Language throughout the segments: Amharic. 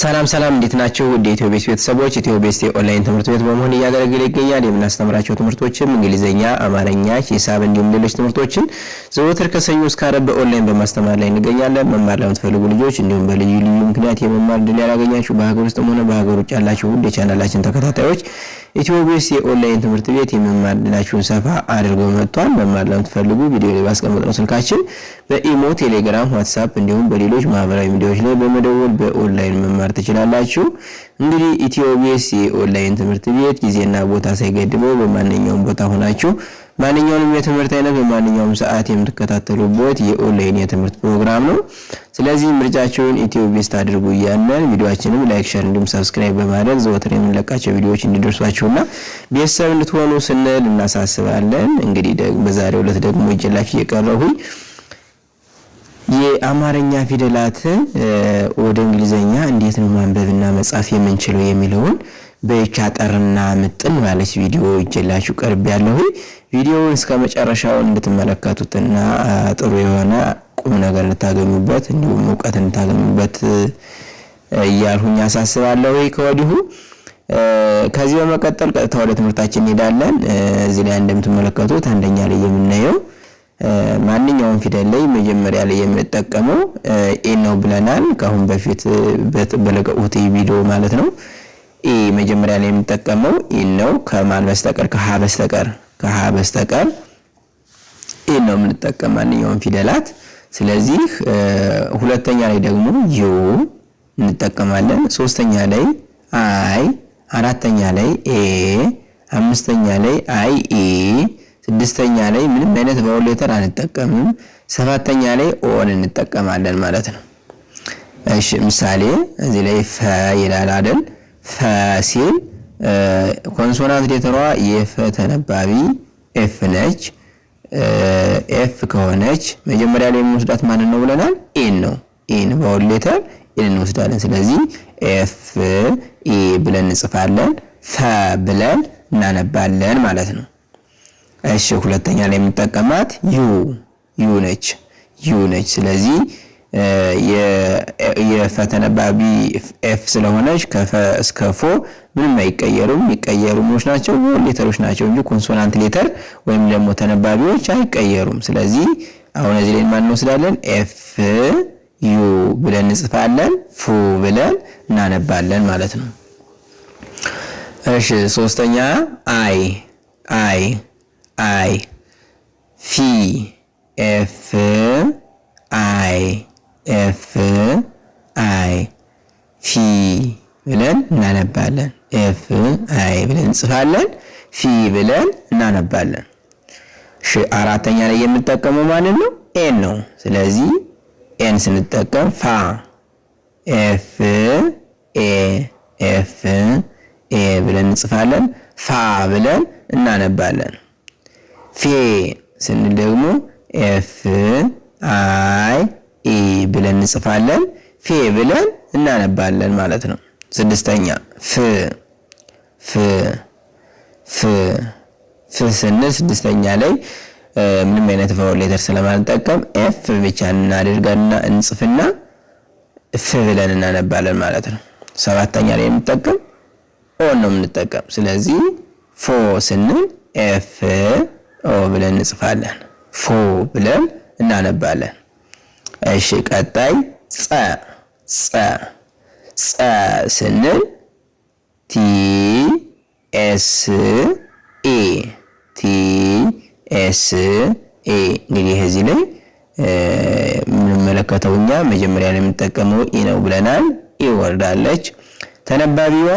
ሰላም ሰላም እንዴት ናችሁ? ወደ ኢትዮ ቤተሰቦች ኢትዮ ቤስት ኦንላይን ትምህርት ቤት በመሆን እያገለገለ ይገኛል። የምናስተምራቸው ትምህርቶችም እንግሊዘኛ፣ አማርኛ፣ ሂሳብ እንዲሁም ሌሎች ትምህርቶችን ዘወትር ከሰኞ እስከ አረብ በኦንላይን በማስተማር ላይ እንገኛለን። መማር ለምትፈልጉ ልጆች እንዲሁም በልዩ ልዩ ምክንያት የመማር ዕድል ያላገኛችሁ በሀገር ውስጥ ሆነ በሀገር ውጭ ያላችሁ ውድ የቻናላችን ተከታታዮች ኢትዮቤስ የኦንላይን ትምህርት ቤት የመማር ዕድላችሁን ሰፋ አድርጎ መጥቷል። መማር ለምትፈልጉ ቪዲዮ ላይ ባስቀመጥነው ስልካችን በኢሞ፣ ቴሌግራም፣ ዋትሳፕ እንዲሁም በሌሎች ማህበራዊ ሚዲያዎች ላይ በመደወል በኦንላይን መማር ትችላላችሁ። እንግዲህ ኢትዮቤስ የኦንላይን ትምህርት ቤት ጊዜና ቦታ ሳይገድበው በማንኛውም ቦታ ሆናችሁ ማንኛውንም የትምህርት አይነት በማንኛውም ሰዓት የምትከታተሉበት የኦንላይን የትምህርት ፕሮግራም ነው። ስለዚህ ምርጫቸውን ኢትዮ ቤስት አድርጉ እያለን ቪዲዮችንም ላይክ፣ ሸር እንዲሁም ሰብስክራይብ በማድረግ ዘወትር የምንለቃቸው ቪዲዮዎች እንዲደርሷችሁና ቤተሰብ እንድትሆኑ ስንል እናሳስባለን። እንግዲህ በዛሬው ዕለት ደግሞ ይዤላችሁ የቀረሁኝ የአማርኛ ፊደላትን ወደ እንግሊዘኛ እንዴት ነው ማንበብና መጻፍ የምንችለው የሚለውን በይቻ ጠርና ምጥን ባለች ቪዲዮ ይዤላችሁ ቀርብ ያለሁኝ ቪዲዮውን እስከ መጨረሻውን እንድትመለከቱትና ጥሩ የሆነ ቁም ነገር እንታገኙበት እንዲሁም እውቀት እንታገኙበት እያልሁኝ አሳስባለሁ ከወዲሁ። ከዚህ በመቀጠል ቀጥታ ወደ ትምህርታችን እንሄዳለን። እዚህ ላይ እንደምትመለከቱት አንደኛ ላይ የምናየው ማንኛውም ፊደል ላይ መጀመሪያ ላይ የምንጠቀመው ኢ ነው ብለናል። ከአሁን በፊት በለቀቁት ቪዲዮ ማለት ነው። ኢ መጀመሪያ ላይ የምንጠቀመው ኢ ነው። ከማን በስተቀር ከሀ በስተቀር ከሀ በስተቀር ኢ ነው የምንጠቀም ማንኛውም ፊደላት ስለዚህ ሁለተኛ ላይ ደግሞ ዩ እንጠቀማለን። ሶስተኛ ላይ አይ፣ አራተኛ ላይ ኤ፣ አምስተኛ ላይ አይ ኤ፣ ስድስተኛ ላይ ምንም አይነት ቫውል ሌተር አንጠቀምም። ሰባተኛ ላይ ኦን እንጠቀማለን ማለት ነው። እሺ ምሳሌ እዚህ ላይ ፈ ይላል አይደል? ፈ ሲል ኮንሶናንት ሌተሯ የፈ ተነባቢ ኤፍ ነች። ኤፍ ከሆነች መጀመሪያ ላይ የምንወስዳት ማንን ነው ብለናል? ኢን ነው። ኢን በሆል ሌተር ኢን እንወስዳለን። ስለዚህ ኤፍ ኢ ብለን እንጽፋለን፣ ፈ ብለን እናነባለን ማለት ነው። እሺ ሁለተኛ ላይ የምንጠቀማት ዩ ዩ ነች ዩ ነች። ስለዚህ የፈተነ ባቢ ኤፍ ስለሆነች ከፈ እስከ ፎ ምንም አይቀየሩም። የሚቀየሩ ምኖች ናቸው ሌተሮች ናቸው እንጂ ኮንሶናንት ሌተር ወይም ደግሞ ተነባቢዎች አይቀየሩም። ስለዚህ አሁን እዚህ ላይ ማን እንወስዳለን? ኤፍ ዩ ብለን እንጽፋለን፣ ፉ ብለን እናነባለን ማለት ነው። እሺ ሶስተኛ አይ አይ አይ ፊ ኤፍ አይ ኤፍ አይ ፊ ብለን እናነባለን። ኤፍ አይ ብለን እንጽፋለን። ፊ ብለን እናነባለን። አራተኛ ላይ የምንጠቀመው ማለት ነው ኤን ነው። ስለዚህ ኤን ስንጠቀም ፋ ኤፍ ኤ ኤፍ ኤ ብለን እንጽፋለን። ፋ ብለን እናነባለን። ፌ ስንል ደግሞ ኤፍ አይ ኢ ብለን እንጽፋለን። ፌ ብለን እናነባለን ማለት ነው። ስድስተኛ ፍ ፍ ፍ ፍ ስንል ስድስተኛ ላይ ምንም አይነት ቫውል ሌተር ስለማንጠቀም ኤፍ ብቻ እናደርጋልና እንጽፍና ፍ ብለን እናነባለን ማለት ነው። ሰባተኛ ላይ የምንጠቀም ኦ ነው የምንጠቀም። ስለዚህ ፎ ስንል ኤፍ ኦ ብለን እንጽፋለን። ፎ ብለን እናነባለን። እሺ ቀጣይ ፀ ፀ ፀ ስንል ቲ ኤስ ኤ ቲ ኤስ ኤ እንግዲህ እዚህ ላይ የምንመለከተው እኛ መጀመሪያ ላይ የምንጠቀመው ኢ ነው ብለናል። ኢ ወርዳለች። ተነባቢዋ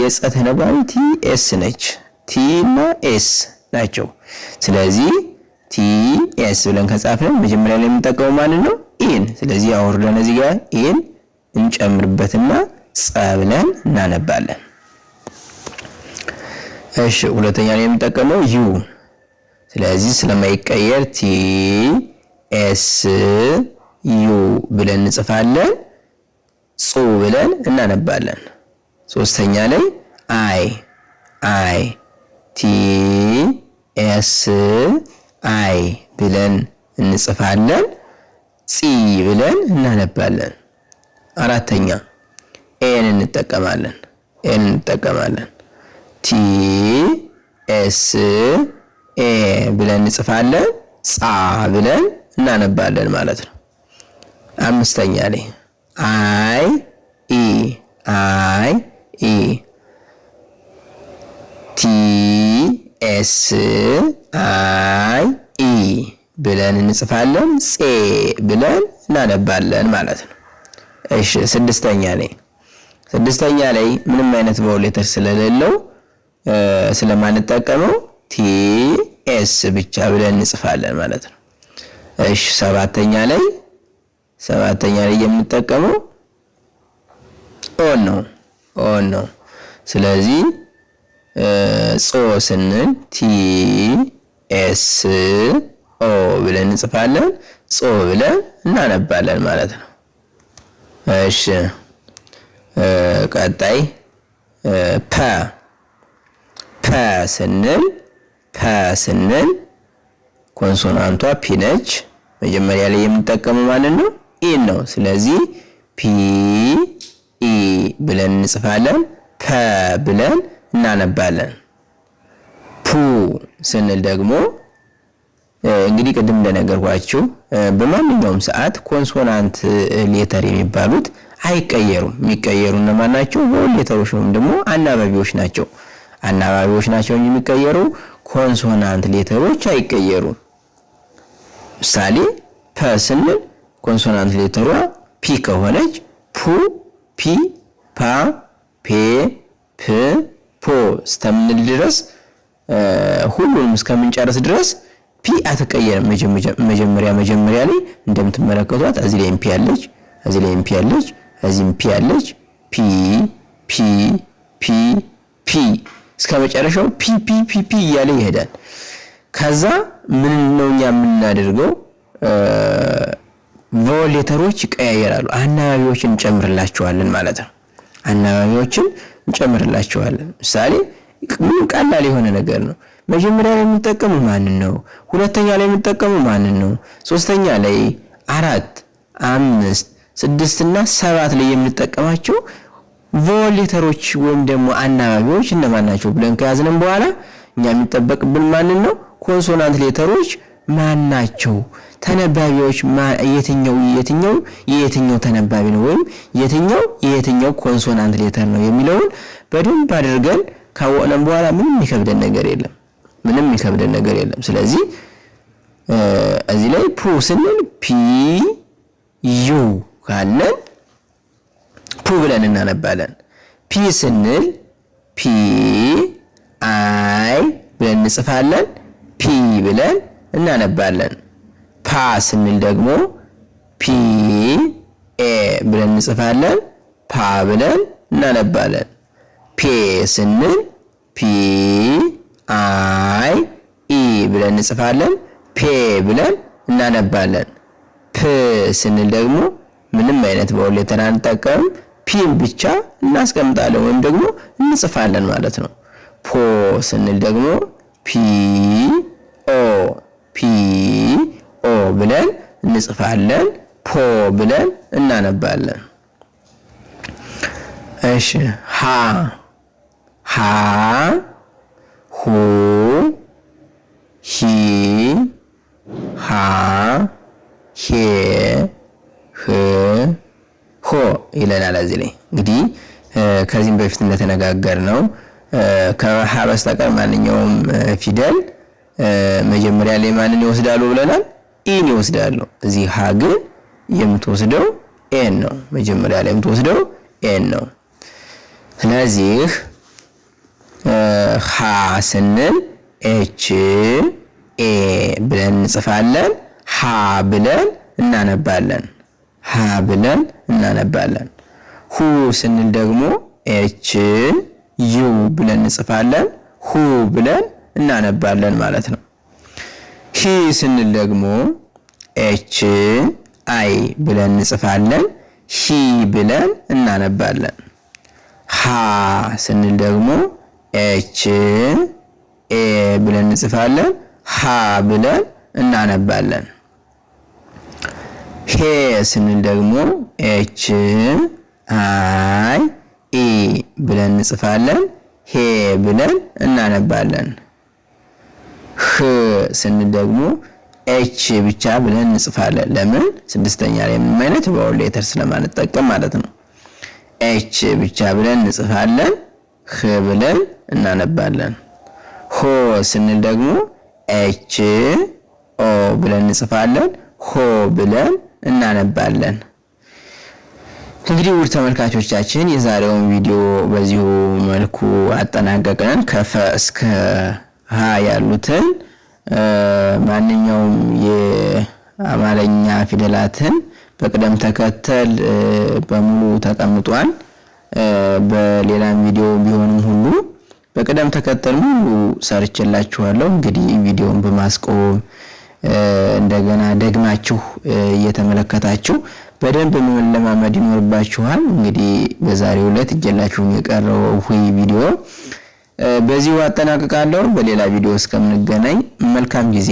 የፀ ተነባቢ ቲ ኤስ ነች። ቲ እና ኤስ ናቸው። ስለዚህ ቲኤስ ብለን ከጻፍን መጀመሪያ ላይ የምንጠቀመው ማለት ነው ኢን። ስለዚህ አውርደን እዚህ ጋር ኢን እንጨምርበትና ጸ ብለን እናነባለን። እሺ ሁለተኛ ላይ የምንጠቀመው ዩ። ስለዚህ ስለማይቀየር ቲ ኤስ ዩ ብለን እንጽፋለን፣ ጹ ብለን እናነባለን። ሶስተኛ ላይ አይ አይ ቲ ኤስ አይ ብለን እንጽፋለን፣ ፂ ብለን እናነባለን። አራተኛ ኤን እንጠቀማለን ኤን እንጠቀማለን። ቲ ኤስ ኤ ብለን እንጽፋለን፣ ጻ ብለን እናነባለን ማለት ነው። አምስተኛ ላይ አይ ኢ አይ ኢ ቲ ኤስ አይ ኢ ብለን እንጽፋለን፣ ፄ ብለን እናነባለን ማለት ነው። እሺ ስድስተኛ ላይ ስድስተኛ ላይ ምንም አይነት ቫውል ሌተር ስለሌለው ስለማንጠቀመው ቲ ኤስ ብቻ ብለን እንጽፋለን ማለት ነው። እሺ ሰባተኛ ላይ ሰባተኛ ላይ የምንጠቀመው ኦን ነው ኦን ነው። ስለዚህ ጾ ስንል ቲ ኤስ ኦ ብለን እንጽፋለን። ጾ ብለን እናነባለን ማለት ነው። እሺ ቀጣይ ፐ ፐ ስንል ፐ ስንል ኮንሶናንቷ ፒ ነች። መጀመሪያ ላይ የምንጠቀመው ማለት ነው ኢን ነው። ስለዚህ ፒ ኢ ብለን እንጽፋለን። ፐ ብለን እናነባለን። ፑ ስንል ደግሞ እንግዲህ ቅድም እንደነገርኳችሁ በማንኛውም ሰዓት ኮንሶናንት ሌተር የሚባሉት አይቀየሩም። የሚቀየሩ እነማን ናቸው? ቮል ሌተሮች ወይም ደግሞ አናባቢዎች ናቸው። አናባቢዎች ናቸው እንጂ የሚቀየሩ ኮንሶናንት ሌተሮች አይቀየሩም። ምሳሌ ፐ ስንል ኮንሶናንት ሌተሯ ፒ ከሆነች ፑ፣ ፒ፣ ፓ፣ ፔ፣ ፕ፣ ፖ ስተምንል ድረስ ሁሉንም እስከምንጨርስ ድረስ ፒ አትቀየርም። መጀመሪያ መጀመሪያ ላይ እንደምትመለከቷት እዚህ ላይ ኤምፒ አለች፣ እዚህ ላይ ኤምፒ አለች፣ እዚህም ፒ አለች። ፒ ፒ ፒ ፒ እስከ መጨረሻው ፒ ፒ ፒ ፒ እያለ ይሄዳል። ከዛ ምን ነው እኛ የምናደርገው? ቫወል ሌተሮች ይቀያየራሉ። አናባቢዎችን እንጨምርላቸዋለን ማለት ነው። አናባቢዎችን እንጨምርላቸዋለን ምሳሌ ምን ቀላል የሆነ ነገር ነው። መጀመሪያ ላይ የምንጠቀመው ማንን ነው? ሁለተኛ ላይ የምንጠቀመው ማንን ነው? ሶስተኛ ላይ አራት፣ አምስት፣ ስድስት እና ሰባት ላይ የምንጠቀማቸው ቮል ሌተሮች ወይም ደግሞ አናባቢዎች እነማን ናቸው ብለን ከያዝንም በኋላ እኛ የሚጠበቅብን ማንን ነው? ኮንሶናንት ሌተሮች ማን ናቸው? ተነባቢዎች የትኛው የትኛው የየትኛው ተነባቢ ነው ወይም የትኛው የየትኛው ኮንሶናንት ሌተር ነው የሚለውን በደንብ አድርገን ካወቅነም በኋላ ምንም የሚከብደን ነገር የለም። ምንም የሚከብደን ነገር የለም። ስለዚህ እዚህ ላይ ፑ ስንል ፒ ዩ ካለን ፑ ብለን እናነባለን። ፒ ስንል ፒ አይ ብለን እንጽፋለን። ፒ ብለን እናነባለን። ፓ ስንል ደግሞ ፒ ኤ ብለን እንጽፋለን። ፓ ብለን እናነባለን። ፔ ስንል ፒ አይ ኢ ብለን እንጽፋለን። ፔ ብለን እናነባለን። ፕ ስንል ደግሞ ምንም አይነት ባውል ሌተር አንጠቀምም። ፒን ብቻ እናስቀምጣለን ወይም ደግሞ እንጽፋለን ማለት ነው። ፖ ስንል ደግሞ ፒ ኦ ፒ ኦ ብለን እንጽፋለን። ፖ ብለን እናነባለን። እሺ ሃ ሀ ሁ ሂ ሃ ሄ ህ ሆ ይለናል። እዚህ ላይ እንግዲህ ከዚህም በፊት እንደተነጋገር ነው ከሀ በስተቀር ማንኛውም ፊደል መጀመሪያ ላይ ማንን ይወስዳሉ ብለናል? ኢን ይወስዳሉ። እዚህ ሀ ግን የምትወስደው ኤን ነው። መጀመሪያ ላይ የምትወስደው ኤን ነው። ስለዚህ ሀ ስንል ኤች ኤ ብለን እንጽፋለን። ሀ ብለን እናነባለን። ሀ ብለን እናነባለን። ሁ ስንል ደግሞ ኤች ዩ ብለን እንጽፋለን። ሁ ብለን እናነባለን ማለት ነው። ሂ ስንል ደግሞ ኤች አይ ብለን እንጽፋለን። ሂ ብለን እናነባለን። ሀ ስንል ደግሞ ኤች ኤ ብለን እንጽፋለን። ሃ ብለን እናነባለን። ሄ ስንል ደግሞ ኤች አይ ኢ ብለን እንጽፋለን። ሄ ብለን እናነባለን። ህ ስንል ደግሞ ኤች ብቻ ብለን እንጽፋለን። ለምን ስድስተኛ ላይ ምን አይነት ባወር ሌተር ስለማንጠቀም ማለት ነው። ኤች ብቻ ብለን እንጽፋለን። ህ ብለን እናነባለን። ሆ ስንል ደግሞ ኤች ኦ ብለን እንጽፋለን። ሆ ብለን እናነባለን። እንግዲህ ውድ ተመልካቾቻችን የዛሬውን ቪዲዮ በዚሁ መልኩ አጠናቀቅን። ከፈ እስከ ሀ ያሉትን ማንኛውም የአማርኛ ፊደላትን በቅደም ተከተል በሙሉ ተቀምጧል። በሌላም ቪዲዮ ቢሆንም ሁሉ በቅደም ተከተል ሙሉ ሰርችላችኋለሁ። እንግዲህ ቪዲዮን በማስቆም እንደገና ደግማችሁ እየተመለከታችሁ በደንብ መለማመድ ይኖርባችኋል። እንግዲህ በዛሬው ዕለት እጀላችሁን የቀረው ሁይ ቪዲዮ በዚሁ አጠናቅቃለሁ። በሌላ ቪዲዮ እስከምንገናኝ መልካም ጊዜ